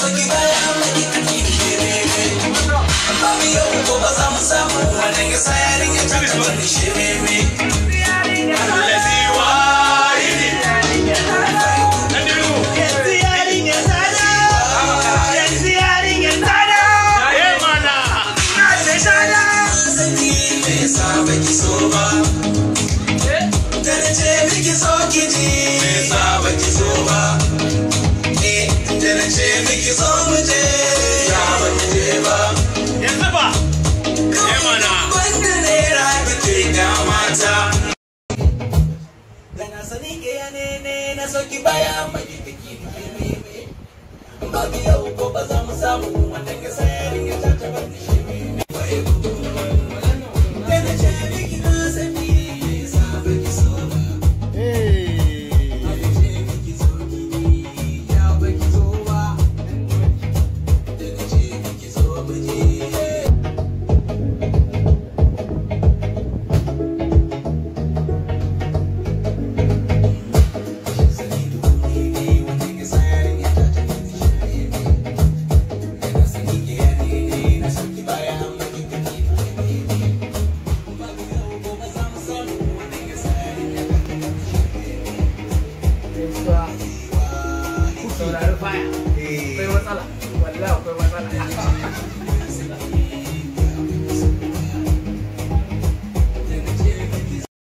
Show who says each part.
Speaker 1: saki baya maki kaki shebebe amma mi yau ko ba za mu samu wannan ya sa
Speaker 2: sani ke ya ne ne na soki baya mai 快啊！第一轮完了，轮了，第二轮了。